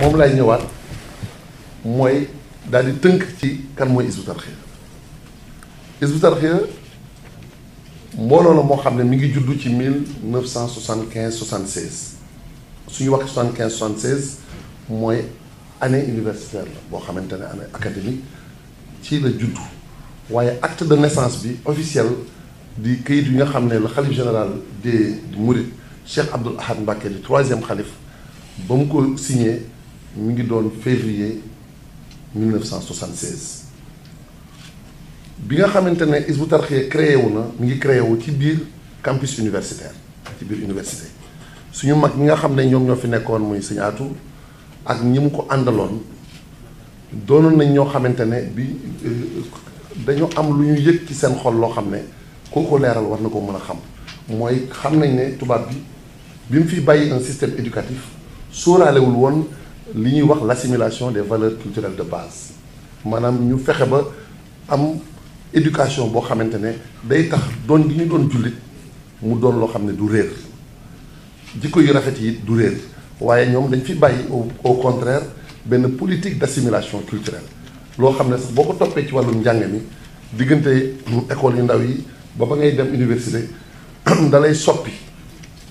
mom lay ñëwaat mooy daal di tënk ci kan mooy isbu isbu mbooloo la moo mi ngi en ci 76 76 suñu année universitaire la académique ci la judo waaye acte de naissance bi officiel. di kayit yi nga xam ne la xalif général des Mourides Cheikh Abdoul Ahad Mbacké di troisième xalif ba mu ko signé mi ngi doon février 1976 bi nga xamante ne Hizbut Tarqiyyah créé wu na mi ngi créé wu ci biir campus universitaire ci biir université suñu mag ñi nga xam ne ñoom ñoo fi nekkoon muy Sëñ Aatu ak ñi mu ko àndaloon doonoon nañ ñoo xamante ne bi euh, dañu am lu ñu yëg ci seen xol loo xam ne ku ko leeral war na ko mën a xam mooy xam nañ ne tubaab bi bi mu fi bàyyi un système éducatif sóoraalewul woon li ñuy wax l'assimilation des valeurs culturelles de base maanaam ñu fexe ba am éducation boo xamante ne day tax doon gi ñu doon jullit mu doon loo xam ne du réer jikko yu rafet yi du réer waaye ñoom dañ fi bàyyi au contraire benn politique d'assimilation culturelle loo xam ne sax boo ko toppee ci wàllum njàng mi diggante école yu ndaw yi ba ba ngay dem université da lay soppi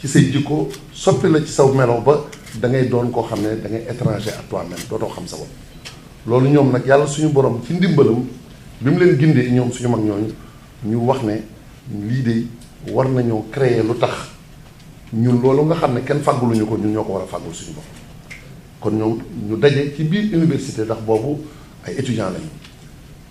ci say jikko soppi la ci saw melo ba da ngay doon ko xamne da ngay étranger à toi même dootoo xam sa bop lolu ñom nak yalla suñu borom ci ndimbalam bimu leen gindé ñom suñu mag ñoñu ñu wax ne li dé war nañu créer lu tax ñun lolu nga xamne ne kenn fàgguluñu ko ñun ñoko ko war suñu bop kon ñom ñu dajé ci biir université tax bobu ay étudiant lañu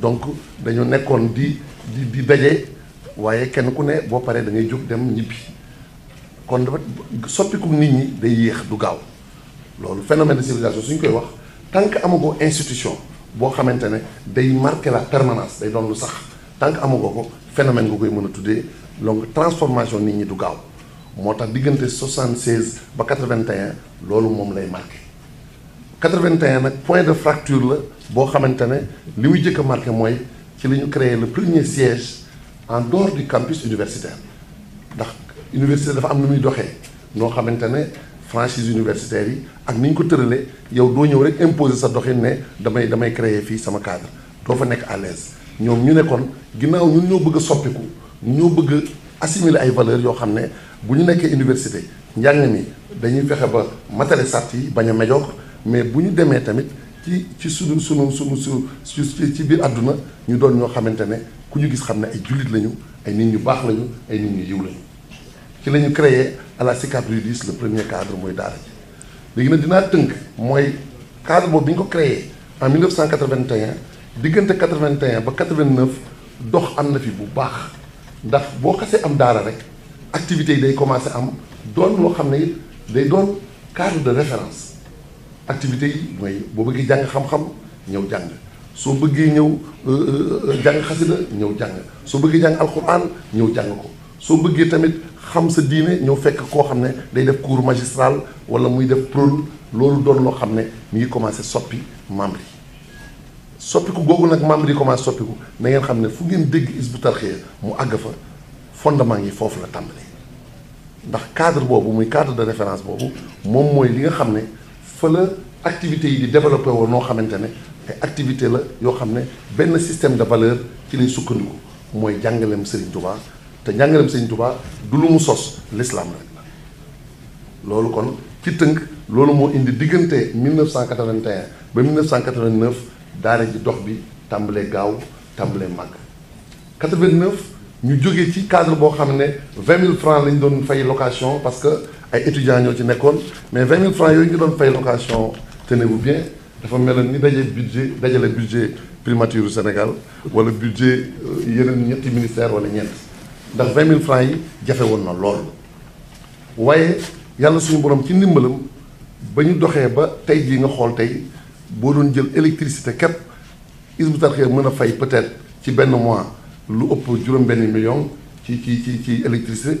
donc dañu nekkoon di di di daje waaye kenn ku ne boo paree da ngay jóg dem ñibbi kon dafa soppiku nit ñi day yéex du gaaw loolu phénomène de civilisation suñ koy wax tant que institution boo xamante ne day marqué la permanence day doon lu sax tant que ko phénomène nga koy mën a tuddee donc transformation nit ñi du gaaw moo tax diggante 76 ba 81 loolu moom lay marqué. 81 nag point de fracture la boo xamante ne li muy jëkk a marqué mooy ci li ñu créé le premier siège en dehors du campus universitaire ndax université dafa am nu muy doxee noo xamante ne franchise universitaire yi ak ni ñu ko tëralee yow doo ñëw rek imposer sa doxin ne damay damay créer fii sama cadre doo fa nekk à l'aise ñoom ñu nekkoon ginnaaw ñun ñoo bëgg a soppiku ñoo bëgg a assimiler ay valeurs yoo xam ne bu ñu nekkee université njàng mi dañuy fexe ba matériel sart yi bañ a médiocre mais buñu démé tamit ci ci sunu sunu sunu su ci biir aduna ñu doon ñoo xamante ne ku ñu gis xam ne ay julit lañu ay nit ñu baax lañu ay nit ñu yiw lañu ci lañu créé à la SICAP le premier cadre mooy daara ji léegi nag dinaa tënk mooy cadre boobu bi ñu ko créé en 1981 diggante 81 ba 89 dox am na fi bu baax ndax boo xasee am daara rek activité yi day commencé am doon loo xam ne it day doon cadre de référence activité yi mooy boo bëggee jàng xam-xam ñëw jàng soo bëggee ñëw euh, euh, euh, jàng xasida ñëw jàng soo bëggee jàng alxuraan ñëw jàng ko soo bëggee tamit xam sa diine ñëw fekk koo xam ne day def cours magistral wala muy def prôle loolu doon loo xam ne mi ngi commencé soppi membre yi ko googu nag membre yi commencé soppiku na ngeen xam ne fu ngeen dégg bu Tarqiyyah mu àgg fa fondement yi foofu la tàmbalee ndax cadre boobu muy cadre de référence boobu moom li nga xam ne fa la activités yi di développé woo noo xamante ne ay activité la yoo xam ne benn système de valeur ci lay sukkandiku mooy jàngaleem Serigne Touba te jàngaleem Serigne Touba du lu mu sos l'islam rek la loolu kon ci tënk loolu moo indi diggante 1981 ba 1989 daara ji dox bi tàmbalee gaaw tàmbalee màgg 89 ñu jógee ci cadre boo xam ne 20 000 francs lañ doon fay location parce que ay étudiants ñoo ci nekkoon mais vingt mille francs yooyu ñu doon fay location tenez-vous bien dafa meloon ni daje budget dajale budget primature Sénégal wala budget euh, yeneen ñetti ministère wala ñeent ndax vingt mille francs yi jafe woon na lool waaye yàlla suñu borom ci ndimbalam ba ñu doxee ba tey jii nga xool tey boo doon jël électricité képp Hizbut Tarqiyyah mën a fay peut-être ci benn mois lu ëpp juróom-benn million ci ci ci ci électricité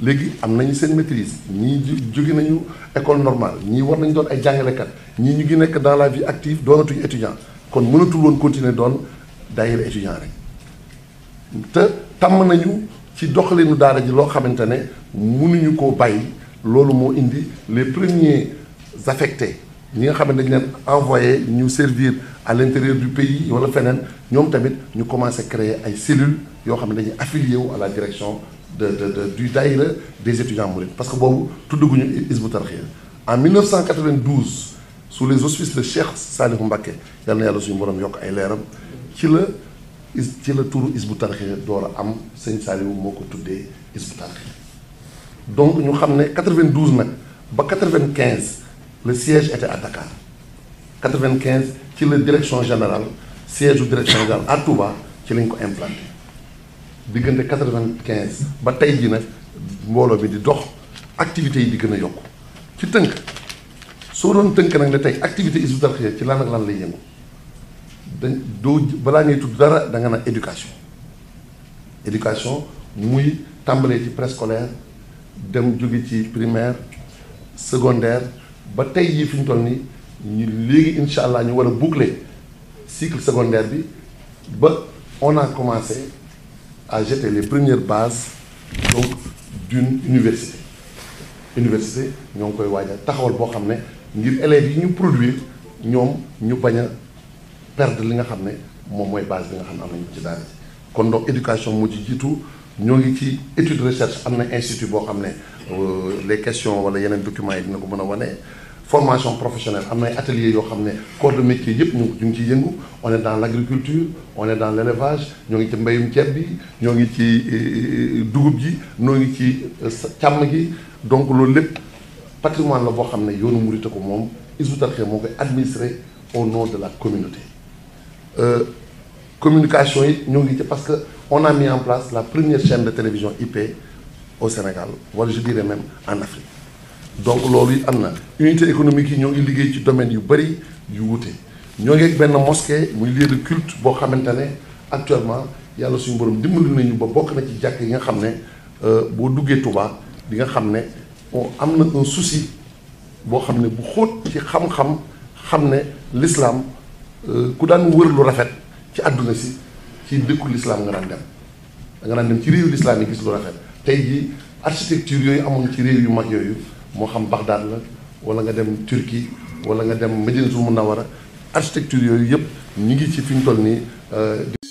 léegi am nañu seen maîtrise ñii jóge nañu école normale ñii war nañ doon ay jàngalekat ñii ñu ngi nekk dans la vie active doonatuñu étudiant kon mënatul woon continuer doon daayira étudiant rek te tàmm nañu ci doxalinu daara ji loo xamante ne mënuñu koo bàyyi loolu moo indi les premiers affectés ñi nga xam dañ dañu leen envoyé ñu servir à l'intérieur du pays wala feneen ñoom tamit ñu commencé créer ay cellules yoo xam ne dañuy affilié à la direction du daïre des étudiants mourides parce que tout le monde est Tarqiyyah en 1992 sous les auspices de Cheikh Salih Mbake il y a un borom qui ay leeram ci le ci la turu Hizbut a am sëñ Saliou moo ko donc nous savons que 92 mais ba 95 le siège était à Dakar 95 ci la direction générale siège la direction générale à Touba ci est implanté diggante quatre-vingt-quinze ba tey jii nag mbooloo bi di dox activité yi di gën a yokk ci tënk soo doon tënk nag ne tey activité Hizbut Tarqiyyah ci lan ak lan lay yëngu dañ doo balaa ngay tudd dara da nga naan éducation éducation muy tàmbalee ci préscolaire dem jóge ci primaire secondaire ba tey ji fi ñu toll nii ñu léegi incha allah ñu war a boucler cycle secondaire bi ba on a commencé. a jeté les premières bases donc d'une université université nous ngi koy waajal taxawal boo xam ne ngir élèves yi ñu produire ñoom ñu bañ perdre li nga xam ne moom base bi nga xam ne am ci kon donc éducation moo ci jiitu ñoo ngi ci étude recherche am institut boo xam euh, les questions wala yeneen documents nous dina ko a formation professionnelle on a ay atelier yo xam ne corps de métier yëpp ñu ñu on est dans l'élevage, on est dans l'élevage. élevage ñoo ngi ci mbéyum ceeb bi ci euh, euh, dugub ji euh, donc le patrimoine la est yoonu administré au nom de la communauté communication parce que on a mis en place la première chaîne de télévision IP au Sénégal voire je dirais même en Afrique donc loolu it am na unité économique yi ñoo ngi liggéey ci domaine yu bëri yu wuute ñoo ngi ak benn mosquée muy lieu de culte boo xamante ne actuellement yàlla suñu borom dimbali nañu ba bokk na ci jàkk yi nga xam ne euh, boo duggee Touba di nga xam ne on am na un souci boo xam ne bu xóot ci xam-xam xam ne l'islam euh, ku daan wër lu rafet ci àdduna si ci dëkku islam nga daan dem da nga daan dem ci réew l'islam yi gis lu rafet tey jii architecture yooyu amoon ci réew yu mag yooyu moo xam Bagdad la wala nga dem Turquie wala nga dem Médine su Munawara architecture yooyu yëpp ñu ngi ci fi ñu toll nii. Euh,